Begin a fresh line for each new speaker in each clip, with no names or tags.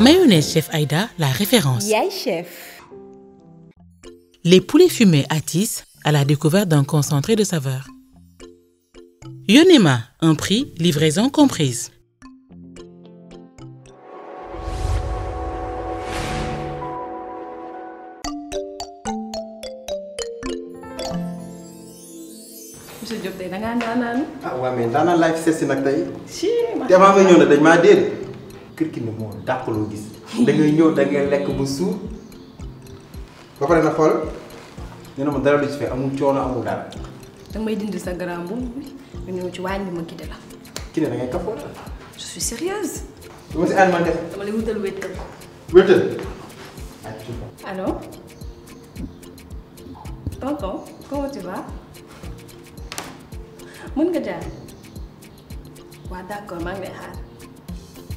Mayonnaise Chef Aïda, la référence.
Yay chef.
Les poulets fumés attissent à la découverte d'un concentré de saveur. Yonema, un prix, livraison comprise.
Je Diop tey da ngaa
ah ouais mais dans la fi seet si nag tey.
si ma. te
maa ngi kër ki ne moo dàq loo gis da ngay ñëw da ngay lekk bu suur ba pare na xool nee na ma dara lu ci fee amul coono amul dara.
da may dindi sa grand boubou bi nga ñëw ci wàññi ma kii la.
kii ne da ngay je suis
sérieuse.
dama si An man def.
dama lay wutal wéttal. wéttal. allo. tonton comment tu vas mën nga jaar. waaw ngi lay xaar.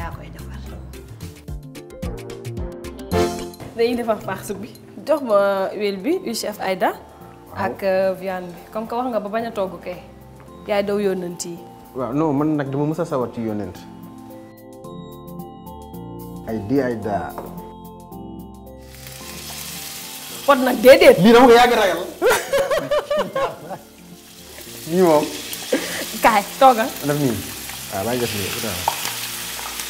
ako koy defal. dañuy defar farce bi jox ma huile bi huile chef Aïda. ak euh, viande bi comme que wax nga no, bañ a togg kay. yaay daw yónnent yi.
waaw non man nag dama mës a sawar ci yónnent. ay di
pot nag déedéet. lii dama ko yàgg ragal.
nii moom.
kaay toogal.
daf nii waaw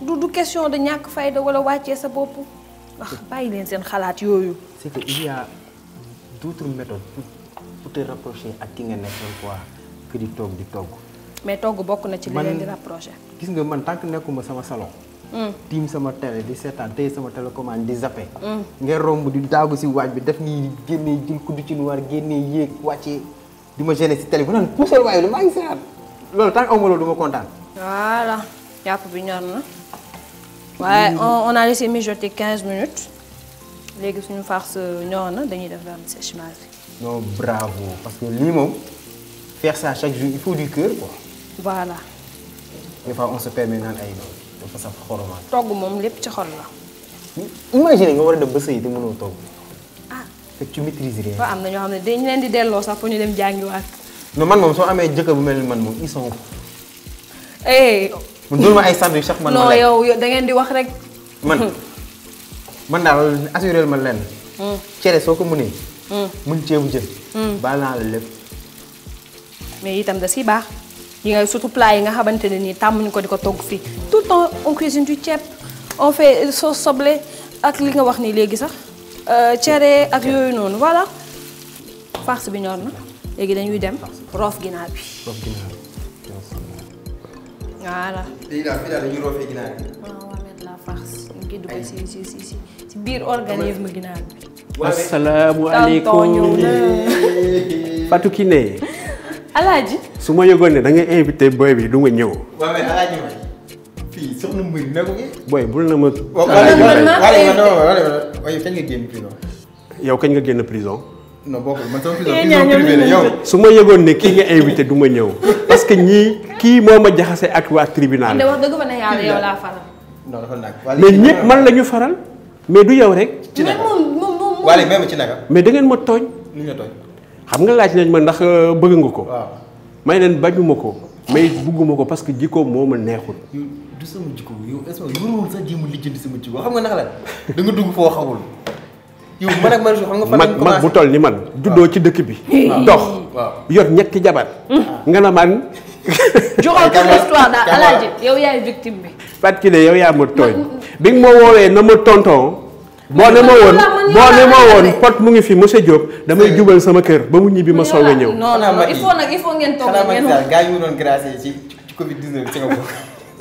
du du question de ñàkk fayda wala wàccee sa bopp wax ah, bàyyi leen seen xalaat yooyu.
c'est que il y a pour te rapprocher ak ki nga nekkoon quoi que di togg di togg.
mais togg bokk na ci li leen di rapprocher.
gis nga man tant que nekkuma sama salon. Hmm. tiim sama télé di seetaan tey sama télécommande di zappé. Hmm. nga romb di daagu si waaj bi def nii génnee jël kuddu ci noir génnee yéeg wàccee di ma gêné si télé bu naan poussé waaye lu maa ngi seetaan loolu tant que aw ma
loolu yàpp bi ñor na
waaye on
a laissé mijoter 15 minutes léegi suñu farce ñor euh, na dañuy def vermi séchage bi.
non bravo parce que lii moom faire ça chaque jour il faut du cœur quoi. voilà. des fois on se permet naan ay loolu dafa saf xoromaat.
togg moom lépp ci xol la.
imagine nga war a dem ba sëy te mënoo togg. ah fekk ci maîtrise rien. waaw
am na ñoo xam ne dañ leen di delloo sax pour ñu dem jàngiwaat.
non man moom soo amee jëkkër bu mel ni man moom ils sont. Eh, man mah ma di sandwich mana? man. non dengan
yow da ngeen di wax rek.
man man daal assuré ma lenn. cere soo ko mënee. mën ceebu jën. baal naa la lépp.
mais itam da si baax yi nga surtout plat yi nga xamante ne on cuisine du cep, on fait sauce soble ak li nga wax nii léegi sax cere ak yooyu noonu voilà farce bi ñor na léegi dañuy dem voilà
C'est la,
la farce. organisme
Fatou Kiné. da nga prison.
non bokkul man eh,
su ma yëgoon ne kii nga invité duma ñëw parce que ñii kii moo ma jaxase ak waa tribunal. ndax
wax dëgg fa ne yàlla yow laa faral.
non dafa nag
mais ñëpp man la ñu faral mais du yow rek. ci naka wala mais da ngeen ma tooñ. li nga xam nga laaj nañ ma ndax euh, bëgg nga ko. waaw may leen bañu ma ko. mais bugguma ko parce que jikko moo ma neexul. yow
du sama jikko yow est-ce que yow a lijjanti nga naka la
da nga dugg foo xamul.
yow man ak Marichou xam nga fan mag mag bu
toll ni man. juddoo ci dëkk bi. dox yor ñetti jabar. Mm. nga na man. joxal ko histoire
daal alaaji yow yaay victime bi.
Fatou yow yaa ma tooñ. bi nga ma woowee na ma tonton. boo ne ma woon boo ne ma woon pot mu ngi fi monsieur Diop damay jubal sama kër ba mu ñibbi ma soog a ñëw. non non il faut
nag il faut ngeen toog ngeen.
xanaa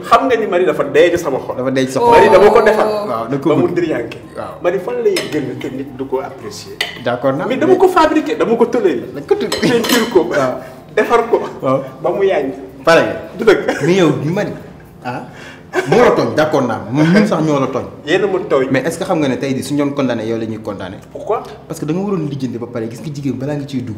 xam nga ni mari dafa dee ci sama xol
dafa dee ci sa xol mari dama ko
defal waaw ko mu waaw mari fan lay gën te nit du ko apprécier
d'accord na mais dama ko
fabriquer dama ko toléré dañ ko toléré peinture ko waaw defar ko waaw ba mu yañ pare
du deug yow ni mari ah mo la togn d'accord na ñun sax ñoo la togn yeen mo togn mais est-ce xam nga ne tay di su condamné yow lañuy condamné pourquoi parce que da nga waron lijeenté ba yang gis nga jigen bala nga ciy dugg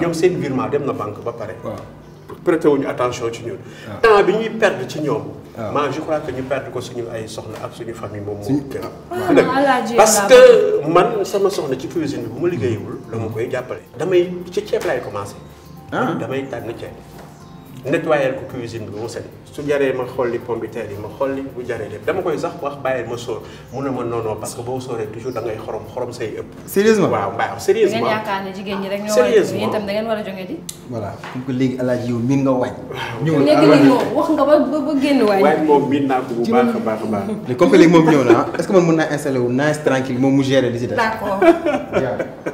ñoom seen virement dem na banque ba pare. prêter wuñu attention ci ñun. temps bi ñuy perdre ci ñoom. man je crois que ñu perdre ko suñu ay soxla ak suñu famille moom moo. parce que man sama soxla ci cuisine bi bu ma liggéeyewul. la ma koy jàppale. damay ci ceeb laay commencé. Ah. damay tànn ceeb. Nettoyer la cuisine bi mu Je su ma xol li terre yi ma bu dama koy sax wax ma ne parce que bo toujours da ngay xorom xorom sérieusement waaw Vous sérieusement ngeen
vous jigéen rek ñoo da di.
voilà ku alaaji yow Vous nga na
wax nga ba génn
Vous min Vous ko bu baax
baax que ñëw na est ce que mën Vous wu nice tranquille mu gérer d'accord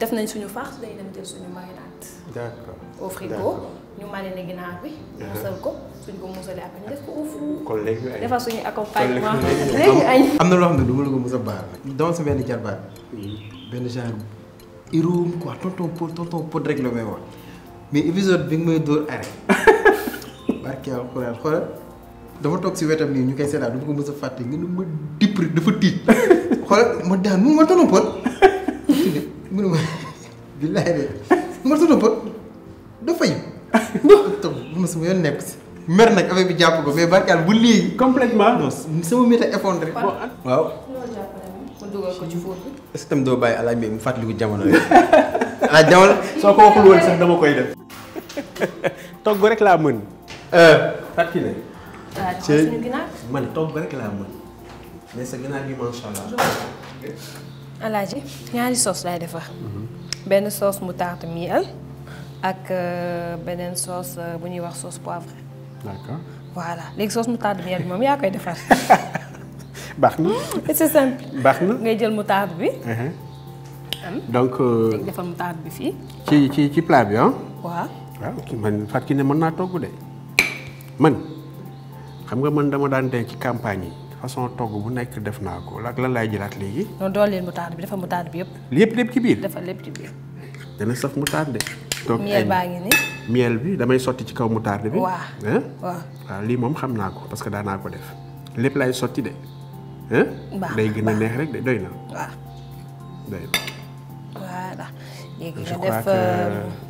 def nañ suñu farce day dem jël suñu marinade.
d'accord au frigo
ñu uh-huh. ñu def
ko suñu accompagnement léegi
añ. na loo du ma la ko mos a baal nag. dama sa benn benn genre irum quoi tonton bi nga may dóor si wetam nii ñu koy seetaan du ma a fàtte nga ne dipp rek dafa tiit xoolal ma daan mu ma tonton Pod. billahi de martatu ba do fay tam ma sama yoon nekk si mer nak affaire bi japp ko mais barkal bu li complètement sama méta effondré waaw
dugal ko ci foot bi
est ce tam do bay alay mu fatlikou jamono ala jamono soko waxul won sax dama koy def
togg rek la meun euh fatine ci man mhm. togg rek la meun mais sa gënaal bi ma sha Allah
alaji ñaari sauce lay defar benn sauce moutarde miel ak euh, beneen sauce euh, bu wax sauce poivre. d'accord voilà les sauces moutarde miel bi moom yaa koy defar.
baax
c'est simple. baax ngay jël moutarde bi.
Uh-huh. donc. Euh, léegi
defal moutarde bi fi.
ci ci ci plat bi ah.
waaw
ki man ki ne man na togg de man xam nga man dama daan dee ci campagne façon togg bu nekk def naa ko ak lan laay jëlaat léegi. non
dool leen moutarde bi dafa moutarde bi yëpp.
lépp lépp ci biir dafa lépp ci biir. dana saf moutarde. donc miel baa ngi nii. miel bi damay sotti ci kaw moutarde bi. waaw waaw waaw lii moom xam naa ko parce que daan naa ko def lépp laay sotti de. day gën a neex rek de doy na. waaw doy na.
voilà. léegi nga def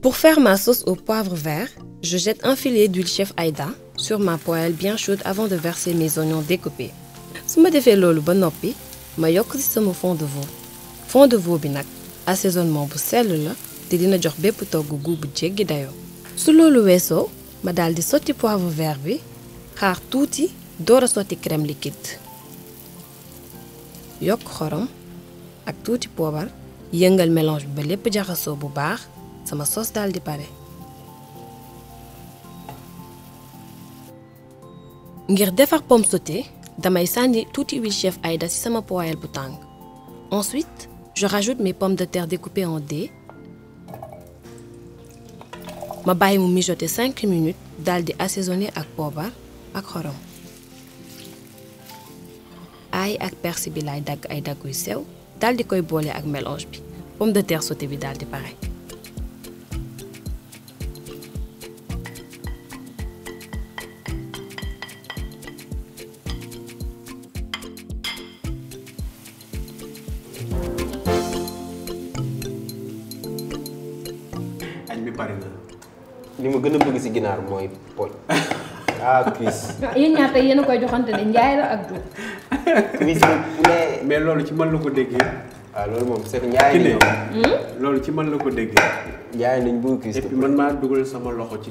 Pour faire ma sauce au poivre vert, je jette un filet d'huile chef Aïda sur ma poêle bien chaude avant de verser mes oignons découpés. Si je fais loolu ba noppi ma vais ci sama fond de veau fond de veau est un assaisonnement bu sel..! la je dina jox de togg goût bu jéggi dayoo. su loolu ma poivre vert bi tout est door a crème liquide Yok xorom ak tuuti poobar yëngal mélange bi ba lépp jaxasoo bu baax sama sos dal di pare ngir defar pomme sautée damay sànni touti huile chef aida ci sama poêle bu ensuite je rajoute mes pommes de terre découpées en dés ma bàyyi mu mijoter 5 minutes dal di assaisonner ak poivre ak xorom ay ak persil bi lay dag ay dagg sew dal di koy bolé ak mélange bi pomme de terre sautée bi dal di pare
Il na. ma bëgg si
ah Chris.
vous ñaar deux, c'est ne la ak
mais mais. mais ci man la ce que je loolu moom c' est la ñu. Hmm? loolu ci man C'est ko déggee. et man sama loxo ci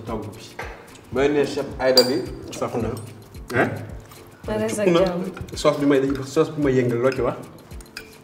bi. le chef Aïda bi C'est hein? bi may ma ci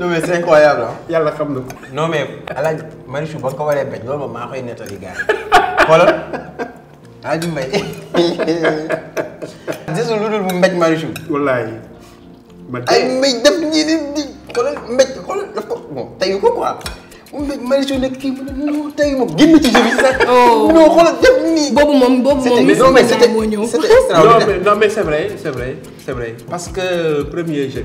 non mais c'est incroyable ah. Hein. yalla xam na non mais El Marichou ba ko waree bañ loolu moom koy nettali gars yi xoolal may Hadj Mbaye. gisul lu Marichou. wallahi ay mbéj def ñii di di xoolal mbéj xoolal daf ko bon tayu ko quoi. moom Marichou nek ki mu tey mo génn ci jeu sax. Oh. non xoolal def nii. bobu mom bobu mom c'était non mais c'était c'était non mais
non mais c'est vrai c'est vrai c'est vrai parce que premier jeu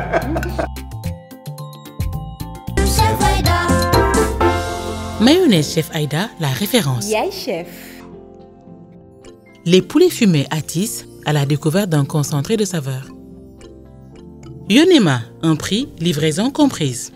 Mayonnaise Chef Aïda, la référence.
chef.
Les poulets fumés attissent à la découverte d'un concentré de saveur. Yonema, un prix, livraison comprise.